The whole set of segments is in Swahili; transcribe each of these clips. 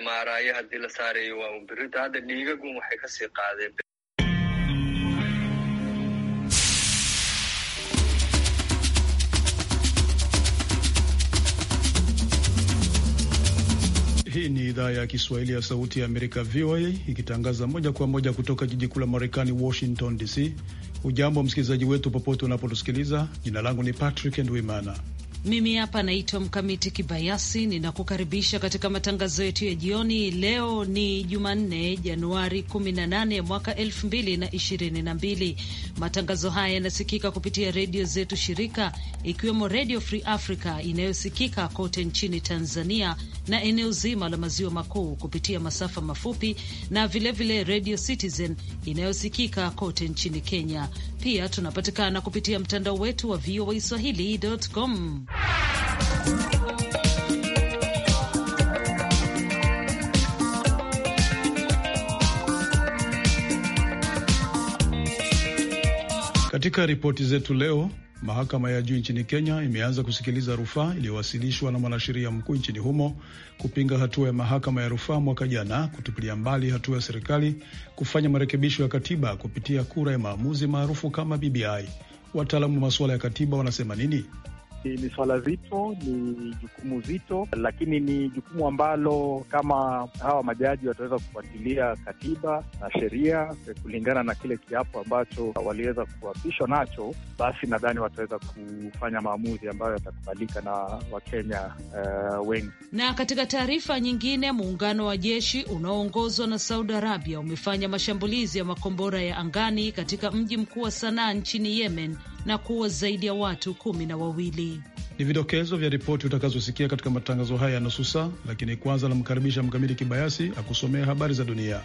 mry hadii la saarayo waa un hadda dhiigagun waxay kasii qaadeen Hii ni idhaa ya Kiswahili ya Sauti ya Amerika, VOA, ikitangaza moja kwa moja kutoka jiji kuu la Marekani, Washington DC. Ujambo msikilizaji wetu, popote unapotusikiliza. Jina langu ni Patrick Ndwimana mimi hapa naitwa Mkamiti Kibayasi, ninakukaribisha katika matangazo yetu ya jioni. Leo ni Jumanne, Januari 18 mwaka 2022. Matangazo haya yanasikika kupitia redio zetu shirika, ikiwemo Redio Free Africa inayosikika kote nchini Tanzania na eneo zima la maziwa makuu kupitia masafa mafupi na vilevile Redio Citizen inayosikika kote nchini Kenya. Pia tunapatikana kupitia mtandao wetu wa voa swahili.com. Katika ripoti zetu leo, mahakama ya juu nchini Kenya imeanza kusikiliza rufaa iliyowasilishwa na mwanasheria mkuu nchini humo kupinga hatua ya mahakama ya rufaa mwaka jana kutupilia mbali hatua ya serikali kufanya marekebisho ya katiba kupitia kura ya maamuzi maarufu kama BBI. Wataalamu wa masuala ya katiba wanasema nini? Ni swala zito, ni jukumu zito, lakini ni jukumu ambalo kama hawa majaji wataweza kufuatilia katiba na sheria eh, kulingana na kile kiapo ambacho waliweza kuapishwa nacho, basi nadhani wataweza kufanya maamuzi ambayo yatakubalika na Wakenya uh, wengi. Na katika taarifa nyingine, muungano wa jeshi unaoongozwa na Saudi Arabia umefanya mashambulizi ya makombora ya angani katika mji mkuu wa Sanaa nchini Yemen na kuua zaidi ya watu kumi na wawili. Ni vidokezo vya ripoti utakazosikia katika matangazo haya ya nusu saa, lakini kwanza namkaribisha Mkamili Kibayasi akusomea habari za dunia.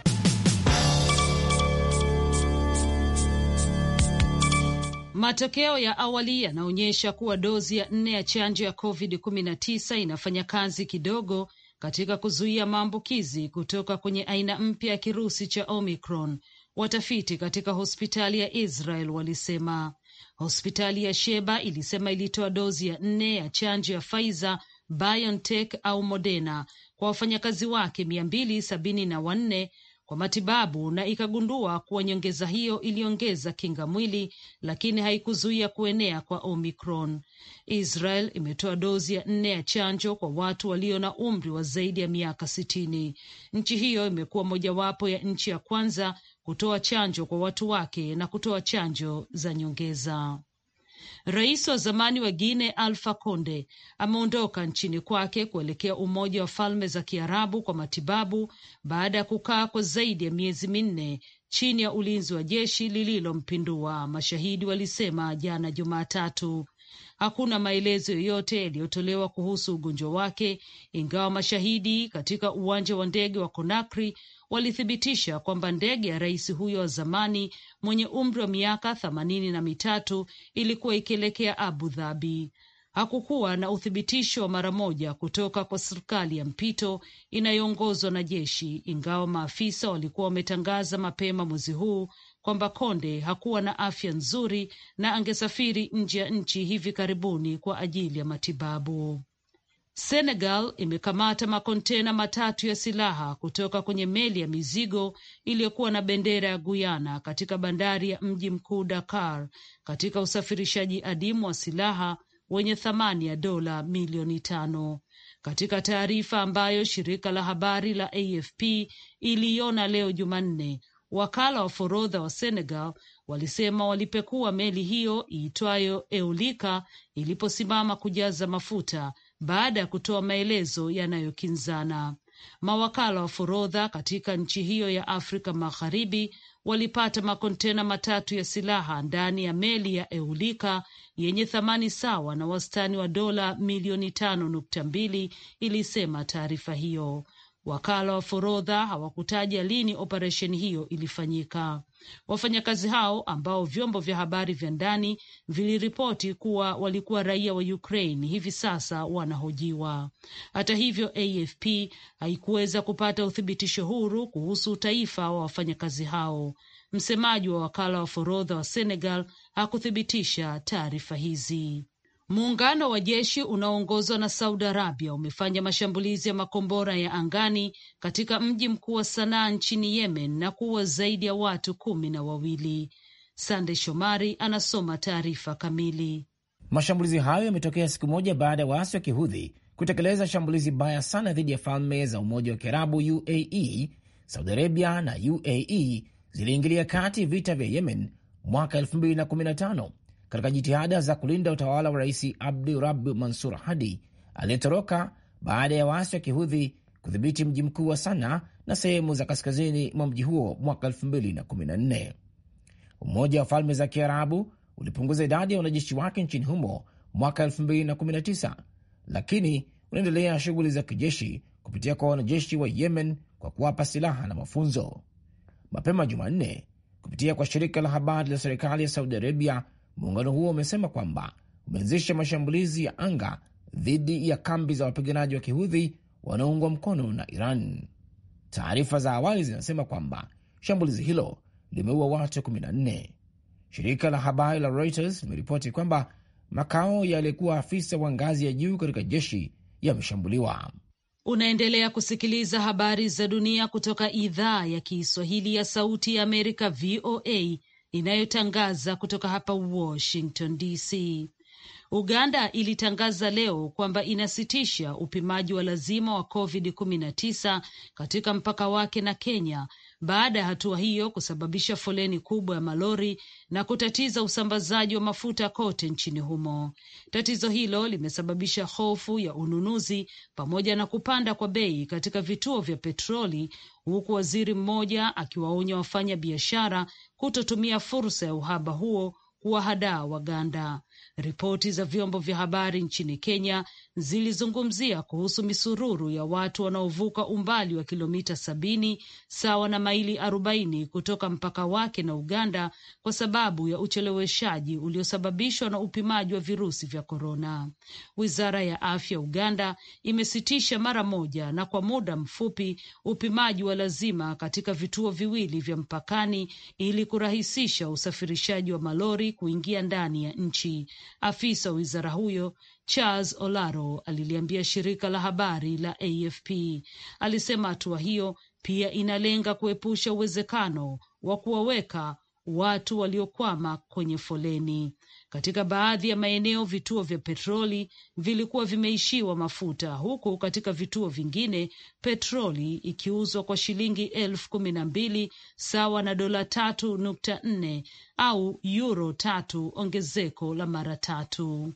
Matokeo ya awali yanaonyesha kuwa dozi ya nne ya chanjo ya COVID-19 inafanya kazi kidogo katika kuzuia maambukizi kutoka kwenye aina mpya ya kirusi cha Omicron, watafiti katika hospitali ya Israel walisema. Hospitali ya Sheba ilisema ilitoa dozi ya nne ya chanjo ya Pfizer BioNTech au Moderna kwa wafanyakazi wake mia mbili sabini na wanne kwa matibabu na ikagundua kuwa nyongeza hiyo iliongeza kinga mwili lakini haikuzuia kuenea kwa Omicron. Israel imetoa dozi ya nne ya chanjo kwa watu walio na umri wa zaidi ya miaka sitini. Nchi hiyo imekuwa mojawapo ya nchi ya kwanza kutoa chanjo kwa watu wake na kutoa chanjo za nyongeza. Rais wa zamani wa Guine Alfa Conde ameondoka nchini kwake kuelekea Umoja wa Falme za Kiarabu kwa matibabu baada ya kukaa kwa zaidi ya miezi minne chini ya ulinzi wa jeshi lililompindua, mashahidi walisema jana Jumatatu. Hakuna maelezo yoyote yaliyotolewa kuhusu ugonjwa wake, ingawa mashahidi katika uwanja wa ndege wa Conakry walithibitisha kwamba ndege ya rais huyo wa zamani mwenye umri wa miaka themanini na mitatu ilikuwa ikielekea Abu Dhabi. Hakukuwa na uthibitisho wa mara moja kutoka kwa serikali ya mpito inayoongozwa na jeshi, ingawa maafisa walikuwa wametangaza mapema mwezi huu kwamba Konde hakuwa na afya nzuri na angesafiri nje ya nchi hivi karibuni kwa ajili ya matibabu. Senegal imekamata makontena matatu ya silaha kutoka kwenye meli ya mizigo iliyokuwa na bendera ya Guyana katika bandari ya mji mkuu Dakar katika usafirishaji adimu wa silaha wenye thamani ya dola milioni tano. Katika taarifa ambayo shirika la habari la AFP iliiona leo Jumanne, wakala wa forodha wa Senegal walisema walipekua meli hiyo iitwayo Eulika iliposimama kujaza mafuta baada ya kutoa maelezo yanayokinzana. Mawakala wa forodha katika nchi hiyo ya Afrika Magharibi walipata makontena matatu ya silaha ndani ya meli ya Eulika yenye thamani sawa na wastani wa dola milioni tano nukta mbili, ilisema taarifa hiyo. Wakala wa forodha hawakutaja lini operesheni hiyo ilifanyika. Wafanyakazi hao ambao vyombo vya habari vya ndani viliripoti kuwa walikuwa raia wa Ukraine hivi sasa wanahojiwa. Hata hivyo, AFP haikuweza kupata uthibitisho huru kuhusu utaifa wa wafanyakazi hao. Msemaji wa wakala wa forodha wa Senegal hakuthibitisha taarifa hizi. Muungano wa jeshi unaoongozwa na Saudi Arabia umefanya mashambulizi ya makombora ya angani katika mji mkuu wa Sanaa nchini Yemen na kuua zaidi ya watu kumi na wawili. Sande Shomari anasoma taarifa kamili. Mashambulizi hayo yametokea siku moja baada ya waasi wa kihudhi kutekeleza shambulizi baya sana dhidi ya falme za Umoja wa Kiarabu UAE. Saudi Arabia na UAE ziliingilia kati vita vya Yemen mwaka 2015 katika jitihada za kulinda utawala wa Rais Abdurabu Mansur Hadi aliyetoroka baada ya waasi wa kihudhi kudhibiti mji mkuu wa Sana na sehemu za kaskazini mwa mji huo mwaka 2014. Umoja wa Falme za Kiarabu ulipunguza idadi ya wanajeshi wake nchini humo mwaka 2019, lakini unaendelea shughuli za kijeshi kupitia kwa wanajeshi wa Yemen kwa kuwapa silaha na mafunzo. Mapema Jumanne, kupitia kwa shirika la habari la serikali ya Saudi Arabia Muungano huo umesema kwamba umeanzisha mashambulizi ya anga dhidi ya kambi za wapiganaji wa kihudhi wanaoungwa mkono na Iran. Taarifa za awali zinasema kwamba shambulizi hilo limeua watu 14. Shirika la habari la Reuters limeripoti kwamba makao yaliyekuwa afisa wa ngazi ya juu katika jeshi yameshambuliwa. Unaendelea kusikiliza habari za dunia kutoka idhaa ya Kiswahili ya Sauti ya Amerika, VOA, inayotangaza kutoka hapa Washington DC. Uganda ilitangaza leo kwamba inasitisha upimaji wa lazima wa COVID-19 katika mpaka wake na Kenya baada ya hatua hiyo kusababisha foleni kubwa ya malori na kutatiza usambazaji wa mafuta kote nchini humo. Tatizo hilo limesababisha hofu ya ununuzi pamoja na kupanda kwa bei katika vituo vya petroli, huku waziri mmoja akiwaonya wafanya biashara kutotumia fursa ya uhaba huo kuwahadaa Waganda. Ripoti za vyombo vya habari nchini Kenya zilizungumzia kuhusu misururu ya watu wanaovuka umbali wa kilomita sabini sawa na maili arobaini kutoka mpaka wake na Uganda kwa sababu ya ucheleweshaji uliosababishwa na upimaji wa virusi vya korona. Wizara ya afya Uganda imesitisha mara moja na kwa muda mfupi upimaji wa lazima katika vituo viwili vya mpakani ili kurahisisha usafirishaji wa malori kuingia ndani ya nchi. Afisa wa wizara huyo Charles Olaro aliliambia shirika la habari la AFP. Alisema hatua hiyo pia inalenga kuepusha uwezekano wa kuwaweka watu waliokwama kwenye foleni. Katika baadhi ya maeneo, vituo vya petroli vilikuwa vimeishiwa mafuta, huku katika vituo vingine petroli ikiuzwa kwa shilingi elfu kumi na mbili sawa na dola tatu nukta nne au yuro tatu, ongezeko la mara tatu.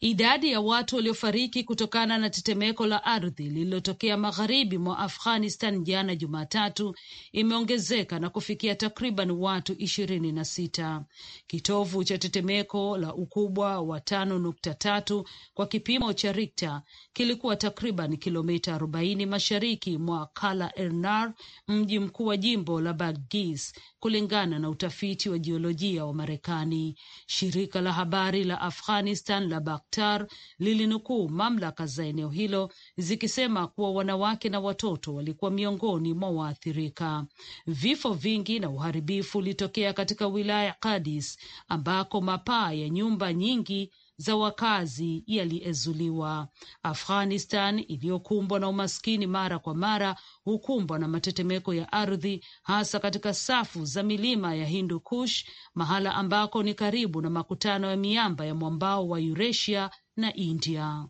Idadi ya watu waliofariki kutokana na tetemeko la ardhi lililotokea magharibi mwa Afghanistan jana Jumatatu imeongezeka na kufikia takriban watu ishirini na sita. Kitovu cha tetemeko la ukubwa wa tano nukta tatu kwa kipimo cha Rikta kilikuwa takriban kilomita arobaini mashariki mwa Kala Elnar, mji mkuu wa jimbo la Bagis, kulingana na utafiti wa jiolojia wa Marekani. Shirika la habari la Afghanistan la Bakhtar lilinukuu mamlaka za eneo hilo zikisema kuwa wanawake na watoto walikuwa miongoni mwa waathirika. Vifo vingi na uharibifu ulitokea katika wilaya Kadis ambako mapaa ya nyumba nyingi za wakazi yaliezuliwa Afghanistan iliyokumbwa na umaskini mara kwa mara hukumbwa na matetemeko ya ardhi, hasa katika safu za milima ya Hindu Kush, mahala ambako ni karibu na makutano ya miamba ya mwambao wa Eurasia na India.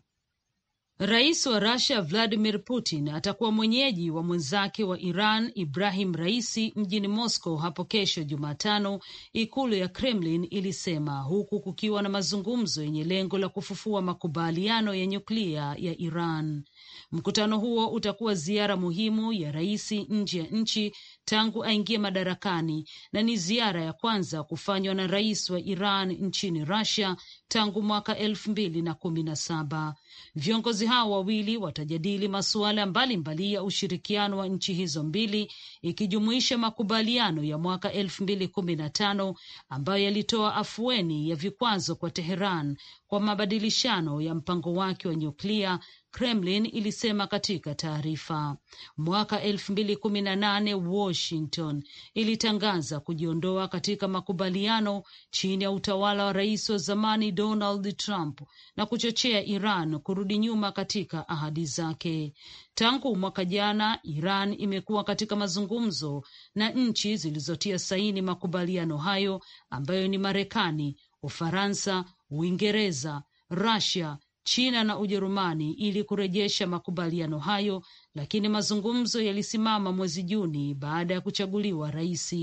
Rais wa rusia Vladimir Putin atakuwa mwenyeji wa mwenzake wa Iran Ibrahim Raisi mjini Moscow hapo kesho Jumatano, ikulu ya Kremlin ilisema, huku kukiwa na mazungumzo yenye lengo la kufufua makubaliano ya nyuklia ya Iran. Mkutano huo utakuwa ziara muhimu ya rais nje ya nchi tangu aingie madarakani na ni ziara ya kwanza kufanywa na rais wa Iran nchini Russia tangu mwaka elfu mbili na kumi na saba. Viongozi hao wawili watajadili masuala mbalimbali ya ushirikiano wa nchi hizo mbili ikijumuisha makubaliano ya mwaka elfu mbili kumi na tano ambayo yalitoa afueni ya vikwazo kwa Teheran kwa mabadilishano ya mpango wake wa nyuklia Kremlin ilisema katika taarifa. Mwaka elfu mbili kumi na nane Washington ilitangaza kujiondoa katika makubaliano chini ya utawala wa rais wa zamani Donald Trump na kuchochea Iran kurudi nyuma katika ahadi zake. Tangu mwaka jana, Iran imekuwa katika mazungumzo na nchi zilizotia saini makubaliano hayo ambayo ni Marekani, Ufaransa, Uingereza, Rusia China na Ujerumani ili kurejesha makubaliano hayo, lakini mazungumzo yalisimama mwezi Juni baada ya kuchaguliwa rais.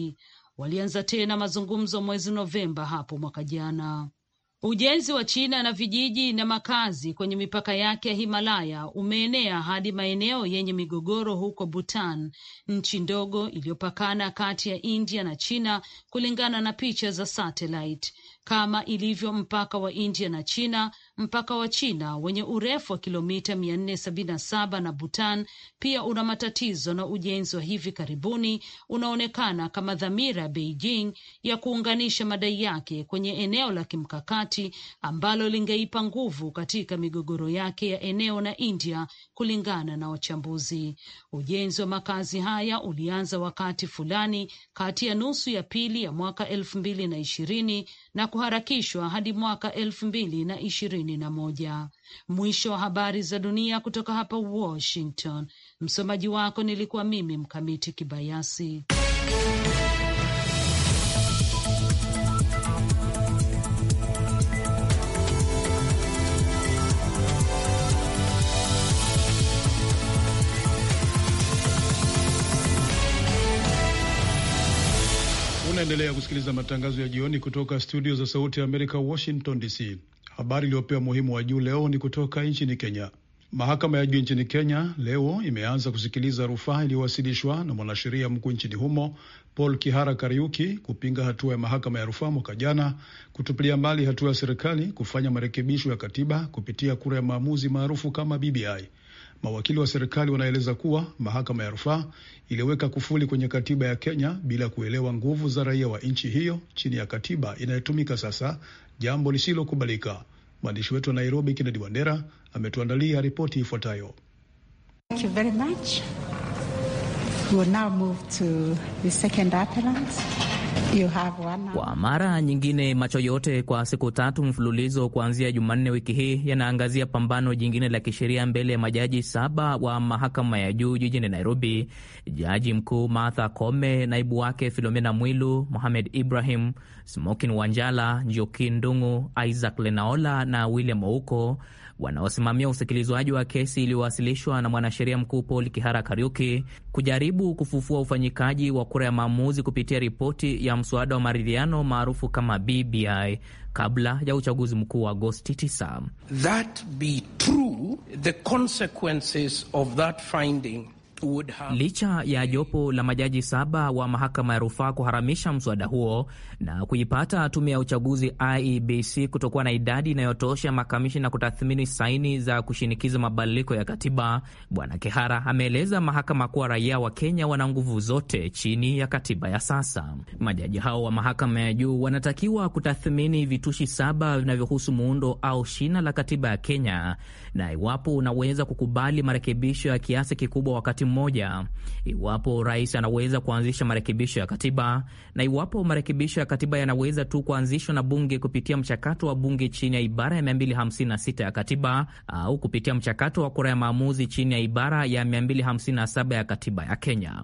Walianza tena mazungumzo mwezi Novemba hapo mwaka jana. Ujenzi wa China na vijiji na makazi kwenye mipaka yake ya Himalaya umeenea hadi maeneo yenye migogoro huko Bhutan, nchi ndogo iliyopakana kati ya India na China, kulingana na picha za satellite kama ilivyo mpaka wa India na China. Mpaka wa China wenye urefu wa kilomita 477 na Bhutan pia una matatizo, na ujenzi wa hivi karibuni unaonekana kama dhamira ya Beijing ya kuunganisha madai yake kwenye eneo la kimkakati ambalo lingeipa nguvu katika migogoro yake ya eneo na India. Kulingana na wachambuzi, ujenzi wa makazi haya ulianza wakati fulani kati ya nusu ya pili ya mwaka elfu mbili na ishirini na kuharakishwa hadi mwaka elfu mbili na ishirini na moja. Mwisho wa habari za dunia kutoka hapa Washington. Msomaji wako nilikuwa mimi Mkamiti Kibayasi. Unaendelea kusikiliza matangazo ya jioni kutoka studio za Sauti ya Amerika, Washington DC. Habari iliyopewa muhimu wa juu leo ni kutoka nchini Kenya. Mahakama ya juu nchini Kenya leo imeanza kusikiliza rufaa iliyowasilishwa na mwanasheria mkuu nchini humo Paul Kihara Kariuki kupinga hatua ya mahakama ya rufaa mwaka jana kutupilia mbali hatua ya serikali kufanya marekebisho ya katiba kupitia kura ya maamuzi maarufu kama BBI. Mawakili wa serikali wanaeleza kuwa mahakama ya rufaa iliweka kufuli kwenye katiba ya Kenya bila kuelewa nguvu za raia wa nchi hiyo chini ya katiba inayotumika sasa, jambo lisilokubalika. Mwandishi wetu wa Nairobi, Kennedy Wandera, ametuandalia ripoti ifuatayo. Kwa mara nyingine, macho yote kwa siku tatu mfululizo kuanzia Jumanne wiki hii yanaangazia pambano jingine la kisheria mbele ya majaji saba wa mahakama ya juu jijini Nairobi: jaji mkuu Martha Koome, naibu wake Filomena Mwilu, Mohamed Ibrahim, Smokin Wanjala, Njoki Ndung'u, Isaac Lenaola na William Ouko wanaosimamia usikilizwaji wa kesi iliyowasilishwa na mwanasheria mkuu Paul Kihara Kariuki kujaribu kufufua ufanyikaji wa kura ya maamuzi kupitia ripoti ya mswada wa maridhiano maarufu kama BBI kabla ya uchaguzi mkuu wa Agosti 9. Licha ya jopo la majaji saba wa mahakama ya rufaa kuharamisha mswada huo na kuipata tume ya uchaguzi IEBC kutokuwa na idadi inayotosha makamishina kutathmini saini za kushinikiza mabadiliko ya katiba, Bwana Kehara ameeleza mahakama kuwa raia wa Kenya wana nguvu zote chini ya katiba ya sasa. Majaji hao wa mahakama ya juu wanatakiwa kutathmini vitushi saba vinavyohusu muundo au shina la katiba ya Kenya na iwapo unaweza kukubali marekebisho ya kiasi kikubwa wakati moja iwapo rais anaweza kuanzisha marekebisho ya katiba na iwapo marekebisho ya katiba yanaweza tu kuanzishwa na bunge kupitia mchakato wa bunge chini ya ibara ya 256 ya katiba au kupitia mchakato wa kura ya maamuzi chini ya ibara ya 257 ya katiba ya Kenya.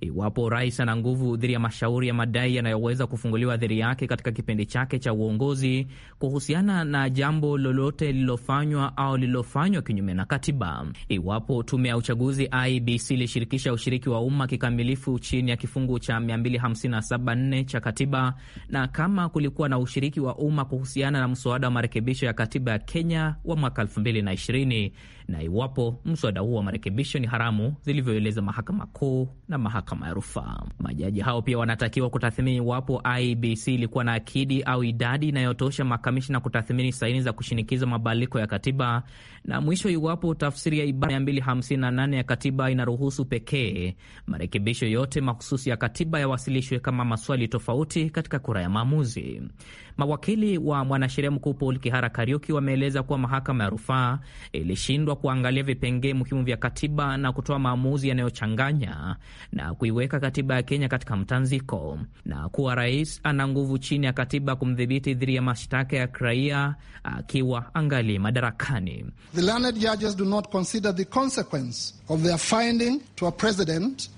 Iwapo rais ana nguvu dhidi ya mashauri ya madai yanayoweza kufunguliwa dhidi yake katika kipindi chake cha uongozi kuhusiana na jambo lolote lililofanywa au lililofanywa kinyume na katiba. Iwapo tume ya uchaguzi IBC ilishirikisha ushiriki wa umma kikamilifu chini ya kifungu cha 257.4 cha katiba, na kama kulikuwa na ushiriki wa umma kuhusiana na mswada wa marekebisho ya katiba ya Kenya wa mwaka 2020 na iwapo mswada huo wa marekebisho ni haramu zilivyoeleza mahakama kuu na mahakama ya rufaa. Majaji hao pia wanatakiwa kutathmini iwapo IBC ilikuwa na akidi au idadi inayotosha makamishna kutathmini saini za kushinikiza mabadiliko ya katiba, na mwisho, iwapo tafsiri ya ibara 258 ya katiba inaru inaruhusu pekee marekebisho yote mahususi ya katiba yawasilishwe kama maswali tofauti katika kura ya maamuzi. Mawakili wa mwanasheria mkuu Paul Kihara Kariuki wameeleza kuwa mahakama ya rufaa ilishindwa kuangalia vipengee muhimu vya katiba na kutoa maamuzi yanayochanganya na kuiweka katiba ya Kenya katika mtanziko, na kuwa rais ana nguvu chini ya katiba kumdhibiti dhidi ya mashtaka ya kiraia akiwa angali madarakani. The learned judges do not consider the consequence of their finding to a president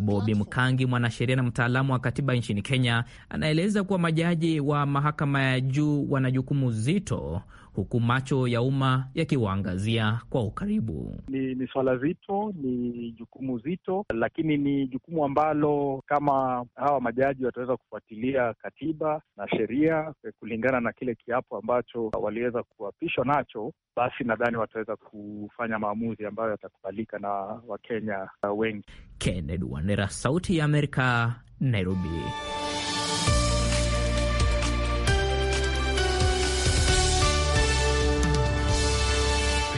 Bobi Mkangi, mwanasheria na mtaalamu wa katiba nchini Kenya, anaeleza kuwa majaji wa mahakama ya juu wana jukumu zito huku macho ya umma yakiwaangazia kwa ukaribu. Ni, ni swala zito, ni jukumu zito, lakini ni jukumu ambalo kama hawa majaji wataweza kufuatilia katiba na sheria eh, kulingana na kile kiapo ambacho waliweza kuapishwa nacho, basi nadhani wataweza kufanya maamuzi ambayo yatakubalika na Wakenya eh, wengi. Kennedy Wandera, Sauti ya Amerika, Nairobi.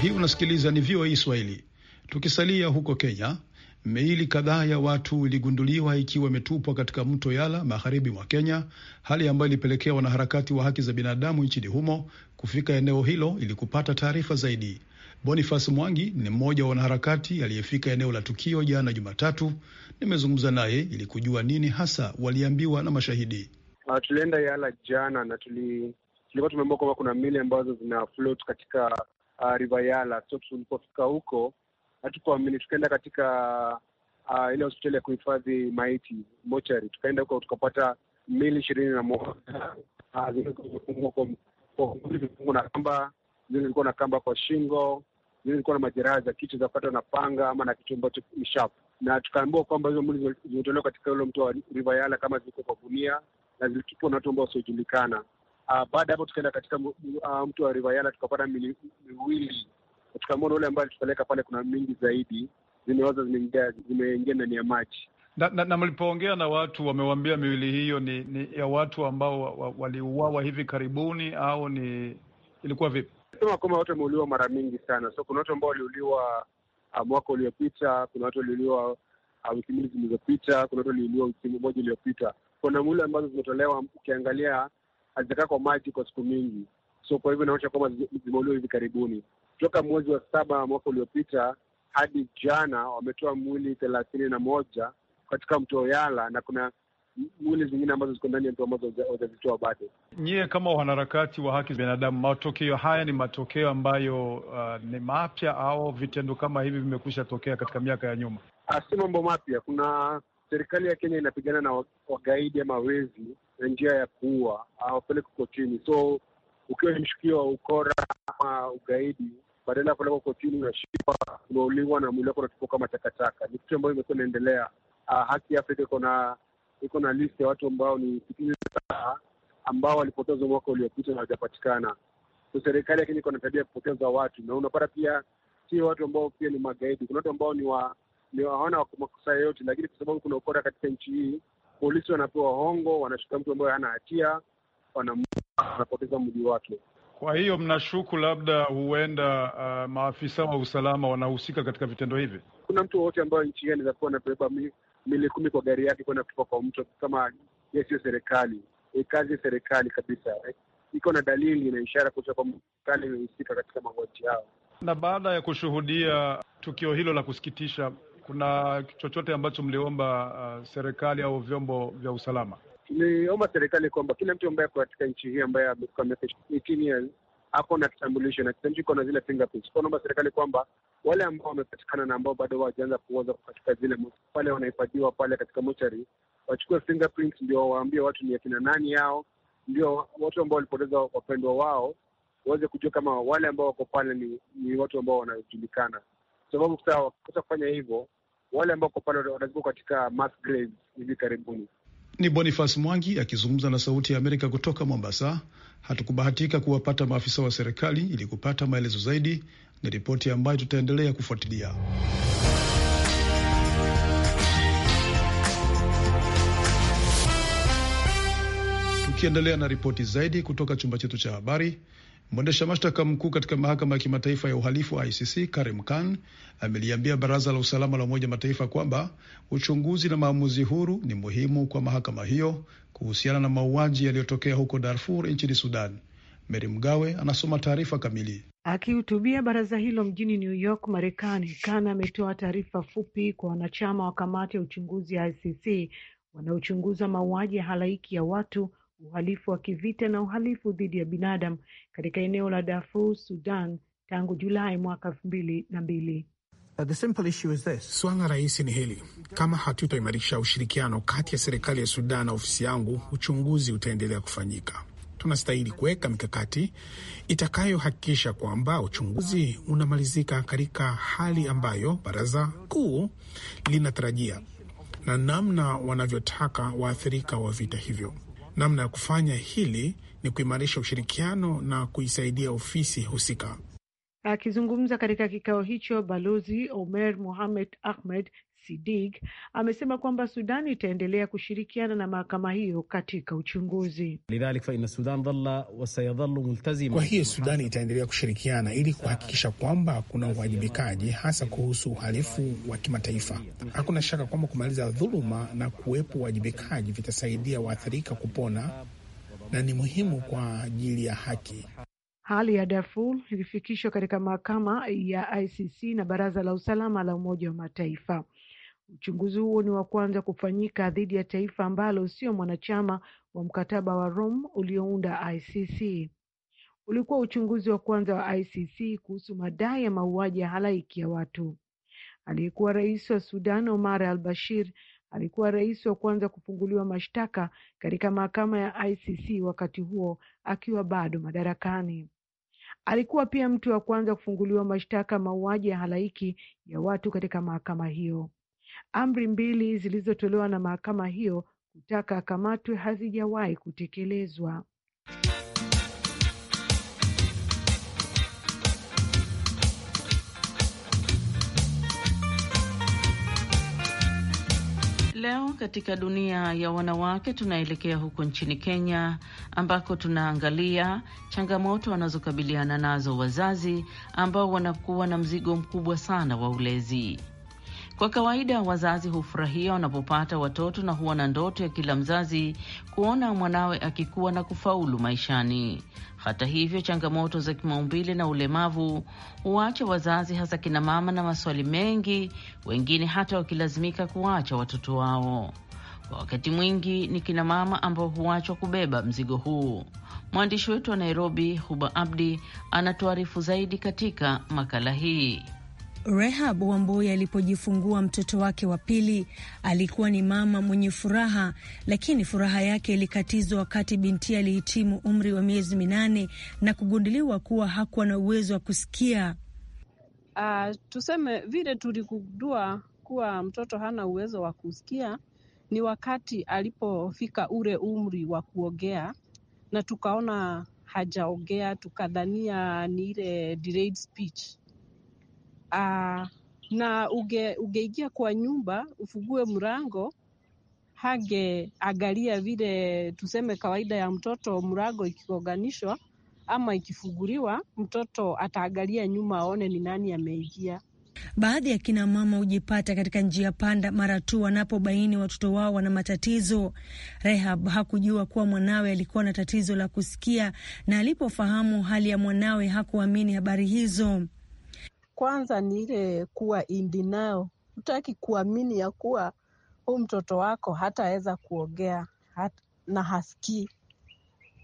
Hii unasikiliza ni VOA e Swahili. Tukisalia huko Kenya, miili kadhaa ya watu iligunduliwa ikiwa imetupwa katika mto Yala magharibi mwa Kenya, hali ambayo ilipelekea wanaharakati wa haki za binadamu nchini humo kufika eneo hilo ili kupata taarifa zaidi. Boniface Mwangi ni mmoja wa wanaharakati aliyefika eneo la tukio jana Jumatatu. Nimezungumza naye ili kujua nini hasa waliambiwa na mashahidi. Uh, tulienda Yala jana na tuli tulikuwa tumeambiwa kwamba kuna mili ambazo zina float katika uh, Rivayala. So tulipofika huko hatukuamini, tukaenda katika uh, ile hospitali ya kuhifadhi maiti mochari, tukaenda huko tukapata mili ishirini na moja ah, na kamba, zile zilikuwa na kamba kwa shingo, zile zilikuwa na majeraha za kichwa za kupata na panga ama na kitu ambacho ni sharp, na tukaambiwa kwamba hizo mwili zimetolewa katika ule mto wa Rivayala kama ziko kwa gunia na zilitupwa na watu ambao wasiojulikana. Uh, baada ya hapo tukaenda katika uh, ah, mtu wa rivayala tukapata miwili, tukamona ule ambayo alitupeleka pale, kuna mingi zaidi zimewaza zimeingia ndani ya maji na, na, na mlipoongea na watu wamewambia miwili hiyo ni, ni ya watu ambao wa, wa, waliuawa hivi karibuni au ni ilikuwa vipi? Sema kwamba watu wameuliwa mara mingi sana, so kuna watu ambao waliuliwa uh, mwaka uliopita, kuna watu waliuliwa uh, wiki mbili zilizopita, kuna watu waliuliwa wiki moja iliyopita. Kuna muli ambazo zimetolewa, ukiangalia hazijakaa kwa maji kwa siku mingi, so kwa hivyo inaonyesha kwamba zimeuliwa hivi karibuni. Toka mwezi wa saba mwaka uliopita hadi jana wametoa mwili thelathini na moja katika mto Yala na kuna mwili zingine ambazo ziko ndani ya mtu ambazo hawajazitoa bado. Nyie kama wanaharakati wa haki za binadamu, matokeo haya ni matokeo ambayo uh, ni mapya au vitendo kama hivi vimekusha tokea katika miaka ya nyuma? Ah, si mambo mapya. Kuna serikali ya Kenya inapigana na wagaidi ama wezi na njia ya kuua awapeleke chini So ukiwa ni mshukio wa ukora ama ugaidi, badala ya kupelekwa chini unashikwa unauliwa na mwili wako unatupwa kama takataka. Ni kitu ambayo imekuwa inaendelea. Ah, Haki ya Afrika iko na iko na list ya watu ambao ni ambao walipotezwa mwaka uliopita na hawajapatikana. So serikali ya Kenya iko na tabia ya kupoteza watu, na unapata pia sio watu ambao pia ni magaidi, kuna watu ambao ni wa ndio hawana makosa yoyote, lakini kwa sababu kuna ukora katika nchi hii, polisi wanapewa hongo, wanashika mtu ambaye hana hatia, wanapoteza mji wake. Kwa hiyo mnashuku labda huenda uh, maafisa wa usalama wanahusika katika vitendo hivi. Kuna mtu wowote ambayo nchi hii anaweza kuwa anabeba mili kumi kwa gari yake kwenda kutoka kwa mtu kama ye, siyo serikali, kazi ya serikali kabisa eh? Iko na dalili na ishara kuonyesha kwamba serikali imehusika katika mauaji yao Na baada ya kushuhudia tukio hilo la kusikitisha, kuna chochote ambacho mliomba uh, serikali au vyombo vya usalama? Tuliomba serikali kwamba kila mtu ambaye ako katika nchi hii ambaye amefika miaka eighteen years ako na kitambulisho na kitambulisho iko na zile fingerprints. Tunaomba serikali kwamba wale ambao wamepatikana na ambao bado hawajaanza kuoza katika zile pale wanahifadhiwa pale katika mochari wachukue fingerprints, ndio waambie watu ni akina nani yao, ndio watu ambao walipoteza wapendwa wao waweze kujua kama wale ambao wako pale ni, ni watu ambao wanajulikana, sababu so, sasa wakikosa kufanya hivyo wale ambao kwa pale wanazikwa katika mass graves hivi karibuni. Ni Boniface Mwangi akizungumza na Sauti ya Amerika kutoka Mombasa. Hatukubahatika kuwapata maafisa wa serikali ili kupata maelezo zaidi, ni ripoti ambayo tutaendelea kufuatilia. Tukiendelea na ripoti zaidi kutoka chumba chetu cha habari, mwendesha mashtaka mkuu katika mahakama ya kimataifa ya uhalifu wa ICC Karim Khan ameliambia baraza la usalama la Umoja Mataifa kwamba uchunguzi na maamuzi huru ni muhimu kwa mahakama hiyo kuhusiana na mauaji yaliyotokea huko Darfur nchini Sudan. Meri Mgawe anasoma taarifa kamili. Akihutubia baraza hilo mjini New York, Marekani, Khan ametoa taarifa fupi kwa wanachama wa kamati ya uchunguzi ya ICC wanaochunguza mauaji ya halaiki ya watu uhalifu wa kivita na uhalifu dhidi ya binadamu katika eneo la Darfur, Sudan tangu Julai mwaka elfu mbili na mbili. Uh, Swala rahisi ni hili: kama hatutaimarisha ushirikiano kati ya serikali ya Sudan na ofisi yangu, uchunguzi utaendelea kufanyika. Tunastahili kuweka mikakati itakayohakikisha kwamba uchunguzi unamalizika katika hali ambayo baraza kuu linatarajia na namna wanavyotaka waathirika wa vita hivyo. Namna ya kufanya hili ni kuimarisha ushirikiano na kuisaidia ofisi husika. Akizungumza katika kikao hicho, Balozi Omer Mohamed Ahmed Sidig amesema kwamba Sudan itaendelea kushirikiana na mahakama hiyo katika uchunguzi. Kwa hiyo Sudani itaendelea kushirikiana ili kuhakikisha kwamba kuna uwajibikaji, hasa kuhusu uhalifu wa kimataifa. Hakuna shaka kwamba kumaliza dhuluma na kuwepo uwajibikaji vitasaidia waathirika kupona na ni muhimu kwa ajili ya haki. Hali ya Darfur ilifikishwa katika mahakama ya ICC na Baraza la Usalama la Umoja wa Mataifa. Uchunguzi huo ni wa kwanza kufanyika dhidi ya taifa ambalo sio mwanachama wa mkataba wa Rome uliounda ICC. Ulikuwa uchunguzi wa kwanza wa ICC kuhusu madai ya mauaji ya halaiki ya watu. Aliyekuwa rais wa Sudan Omar al-Bashir alikuwa rais wa kwanza kufunguliwa mashtaka katika mahakama ya ICC wakati huo akiwa bado madarakani. Alikuwa pia mtu wa kwanza kufunguliwa mashtaka mauaji ya halaiki ya watu katika mahakama hiyo. Amri mbili zilizotolewa na mahakama hiyo kutaka akamatwe hazijawahi kutekelezwa Leo katika dunia ya wanawake tunaelekea huko nchini Kenya ambako tunaangalia changamoto wanazokabiliana nazo wazazi ambao wanakuwa na mzigo mkubwa sana wa ulezi. Kwa kawaida wazazi hufurahia wanapopata watoto na huwa na ndoto ya kila mzazi kuona mwanawe akikuwa na kufaulu maishani. Hata hivyo, changamoto za kimaumbile na ulemavu huwacha wazazi, hasa kina mama, na maswali mengi, wengine hata wakilazimika kuwacha watoto wao. Kwa wakati mwingi ni kina mama ambao huachwa kubeba mzigo huu. Mwandishi wetu wa Nairobi, Huba Abdi, anatuarifu zaidi katika makala hii. Rehab Wamboi alipojifungua mtoto wake wa pili, alikuwa ni mama mwenye furaha, lakini furaha yake ilikatizwa wakati binti alihitimu umri wa miezi minane na kugunduliwa kuwa hakuwa na uwezo wa kusikia. Uh, tuseme vile tulikudua kuwa mtoto hana uwezo wa kusikia ni wakati alipofika ule umri wa kuongea, na tukaona hajaongea, tukadhania ni ile delayed speech Aa, ah, na uge, ugeingia kwa nyumba ufugue mrango hage agalia vile tuseme kawaida ya mtoto, mrango ikioganishwa ama ikifuguriwa mtoto ataangalia nyuma aone ni nani ameingia. Baadhi ya kina mama hujipata katika njia panda mara tu wanapobaini watoto wao wana matatizo. Rehab hakujua kuwa mwanawe alikuwa na tatizo la kusikia, na alipofahamu hali ya mwanawe hakuamini habari hizo kwanza ni ile kuwa in denial. Hutaki kuamini ya kuwa huu mtoto wako hataweza kuogea hat, na hasikii.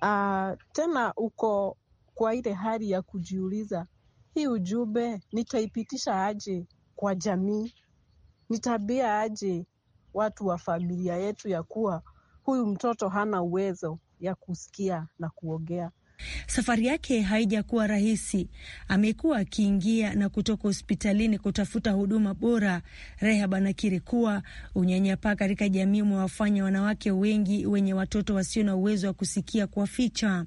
Uh, tena uko kwa ile hali ya kujiuliza, hii ujumbe nitaipitisha aje kwa jamii? Nitabia aje watu wa familia yetu ya kuwa huyu mtoto hana uwezo ya kusikia na kuogea Safari yake haijakuwa rahisi. Amekuwa akiingia na kutoka hospitalini kutafuta huduma bora. Rehab anakiri kuwa unyanyapaa katika jamii umewafanya wanawake wengi wenye watoto wasio na uwezo wa kusikia kuwaficha.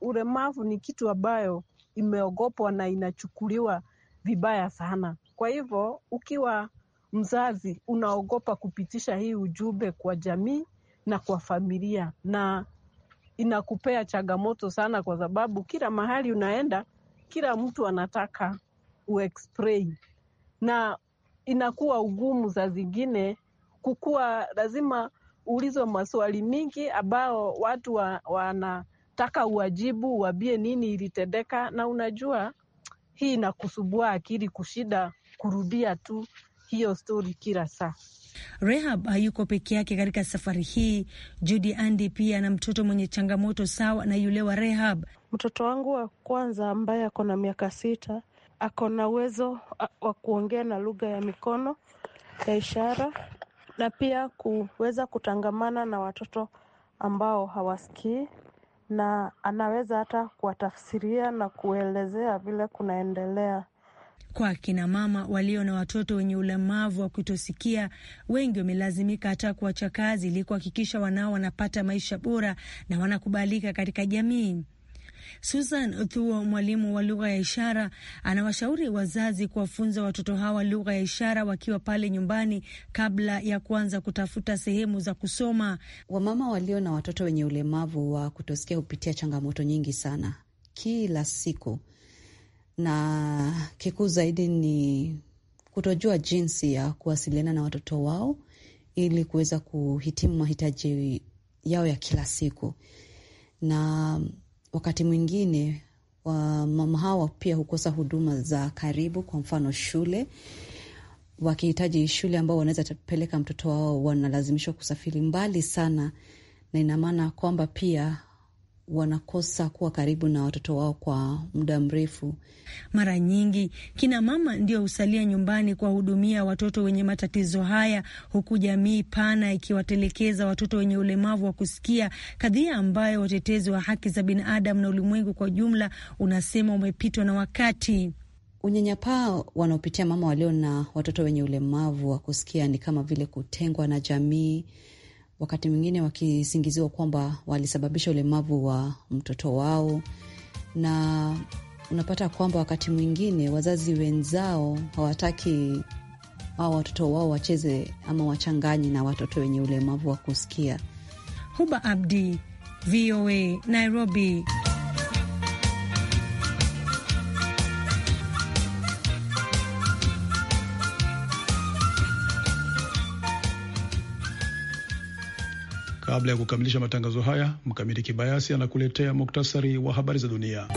ulemavu ni kitu ambayo imeogopwa na inachukuliwa vibaya sana. Kwa hivyo ukiwa mzazi unaogopa kupitisha hii ujumbe kwa jamii na kwa familia, na inakupea changamoto sana, kwa sababu kila mahali unaenda, kila mtu anataka uexplain, na inakuwa ugumu za zingine kukuwa, lazima uulizwe maswali mingi ambao watu wa, wanataka uwajibu, wabie nini ilitendeka, na unajua hii inakusubua akili kushida kurudia tu hiyo stori kila saa. Rehab hayuko peke yake katika safari hii. judi andi pia ana mtoto mwenye changamoto sawa na yule wa Rehab. Mtoto wangu wa kwanza ambaye ako na miaka sita ako na uwezo wa kuongea na lugha ya mikono ya ishara na pia kuweza kutangamana na watoto ambao hawasikii na anaweza hata kuwatafsiria na kuelezea vile kunaendelea. Kwa mama walio na watoto wenye ulemavu wa kutosikia, wengi wamelazimika hata kuacha kazi ili kuhakikisha wanao wanapata maisha bora na wanakubalika katika jamii. Susan Thuo, mwalimu wa lugha ya ishara, anawashauri wazazi kuwafunza watoto hawa lugha ya ishara wakiwa pale nyumbani kabla ya kuanza kutafuta sehemu za kusoma. Wamama walio na watoto wenye ulemavu wa kutosikia hupitia changamoto nyingi sana kila siku na kikuu zaidi ni kutojua jinsi ya kuwasiliana na watoto wao ili kuweza kuhitimu mahitaji yao ya kila siku. Na wakati mwingine mama hawa pia hukosa huduma za karibu, kwa mfano shule. Wakihitaji shule ambao wanaweza peleka mtoto wao, wanalazimishwa kusafiri mbali sana, na ina maana kwamba pia wanakosa kuwa karibu na watoto wao kwa muda mrefu. Mara nyingi kina mama ndio husalia nyumbani kuwahudumia watoto wenye matatizo haya, huku jamii pana ikiwatelekeza watoto wenye ulemavu wa kusikia, kadhia ambayo watetezi wa haki za binadamu na ulimwengu kwa jumla unasema umepitwa na wakati. Unyanyapaa wanaopitia mama walio na watoto wenye ulemavu wa kusikia ni kama vile kutengwa na jamii wakati mwingine wakisingiziwa kwamba walisababisha ulemavu wa mtoto wao, na unapata kwamba wakati mwingine wazazi wenzao hawataki au watoto wao wacheze ama wachanganye na watoto wenye ulemavu wa kusikia. Huba Abdi, VOA, Nairobi. Kabla ya kukamilisha matangazo haya, Mkamiti Kibayasi anakuletea muktasari wa habari za dunia.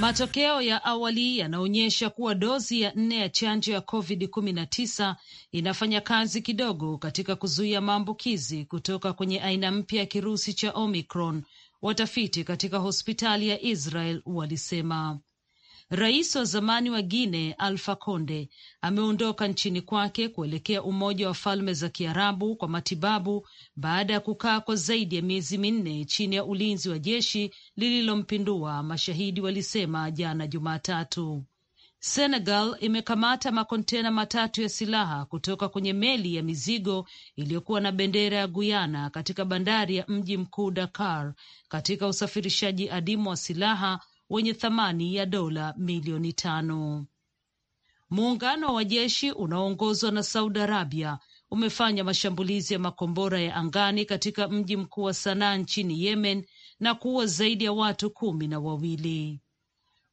Matokeo ya awali yanaonyesha kuwa dozi ya nne ya chanjo ya COVID-19 inafanya kazi kidogo katika kuzuia maambukizi kutoka kwenye aina mpya ya kirusi cha Omicron, watafiti katika hospitali ya Israel walisema. Rais wa zamani wa guine alfa Conde ameondoka nchini kwake kuelekea Umoja wa Falme za Kiarabu kwa matibabu baada ya kukaa kwa zaidi ya miezi minne chini ya ulinzi wa jeshi lililompindua, mashahidi walisema jana Jumatatu. Senegal imekamata makontena matatu ya silaha kutoka kwenye meli ya mizigo iliyokuwa na bendera ya Guyana katika bandari ya mji mkuu Dakar katika usafirishaji adimu wa silaha wenye thamani ya dola milioni tano. Muungano wa jeshi unaoongozwa na Saudi Arabia umefanya mashambulizi ya makombora ya angani katika mji mkuu wa Sanaa nchini Yemen na kuua zaidi ya watu kumi na wawili.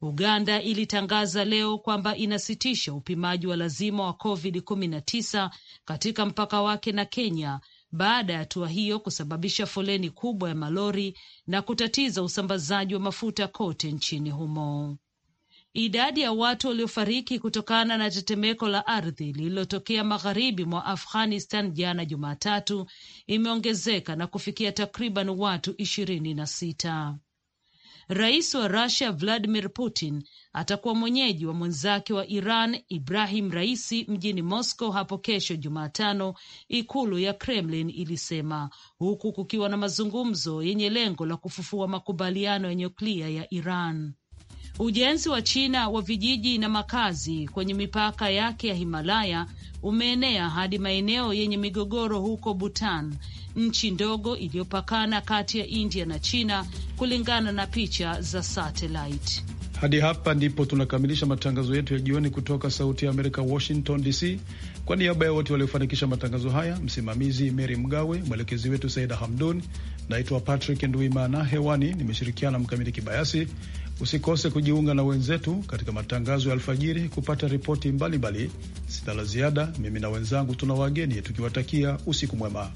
Uganda ilitangaza leo kwamba inasitisha upimaji wa lazima wa COVID-19 katika mpaka wake na Kenya baada ya hatua hiyo kusababisha foleni kubwa ya malori na kutatiza usambazaji wa mafuta kote nchini humo. Idadi ya watu waliofariki kutokana na tetemeko la ardhi lililotokea magharibi mwa Afghanistan jana Jumatatu imeongezeka na kufikia takriban watu ishirini na sita. Rais wa Russia Vladimir Putin atakuwa mwenyeji wa mwenzake wa Iran Ibrahim Raisi mjini Moscow hapo kesho Jumatano, ikulu ya Kremlin ilisema, huku kukiwa na mazungumzo yenye lengo la kufufua makubaliano ya nyuklia ya Iran. Ujenzi wa China wa vijiji na makazi kwenye mipaka yake ya Himalaya umeenea hadi maeneo yenye migogoro huko Bhutan, nchi ndogo iliyopakana kati ya India na China, kulingana na picha za satellite. Hadi hapa ndipo tunakamilisha matangazo yetu ya jioni kutoka Sauti ya Amerika, Washington DC. Kwa niaba ya wote waliofanikisha matangazo haya, msimamizi Mary Mgawe, mwelekezi wetu Saida Hamdun. Naitwa Patrick Nduimana, hewani nimeshirikiana Mkamiti Kibayasi. Usikose kujiunga na wenzetu katika matangazo ya alfajiri kupata ripoti mbalimbali. Sina la ziada, mimi na wenzangu tuna wageni tukiwatakia usiku mwema.